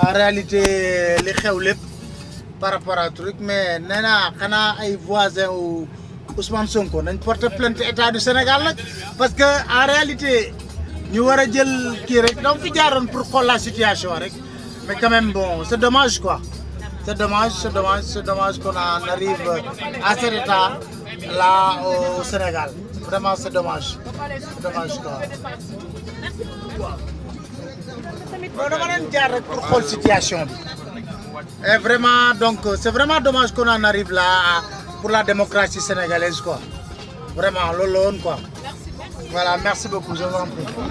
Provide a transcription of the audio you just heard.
en réalité li xew lépp par rapport à truc mais nee naa xanaa ay voisin wu Ousmane Sonko nañ porter plainte état du Sénégal nag parce que en réalité ñu war a jël kii rek donc fi jaaroon pour xool la situation rek mais quand même bon c'est dommage quoi c'est dommage c'est dommage c'est dommage qu'on en arrive à cet état là au Sénégal vraiment c'est dommage c'est dommage quoi. bon dama vraiment donc c'est vraiment dommage qu'on arrive là pour la démocratie sénégalaise quoi vraiment loolu la quoi voilà merci beaucoup je vous en prie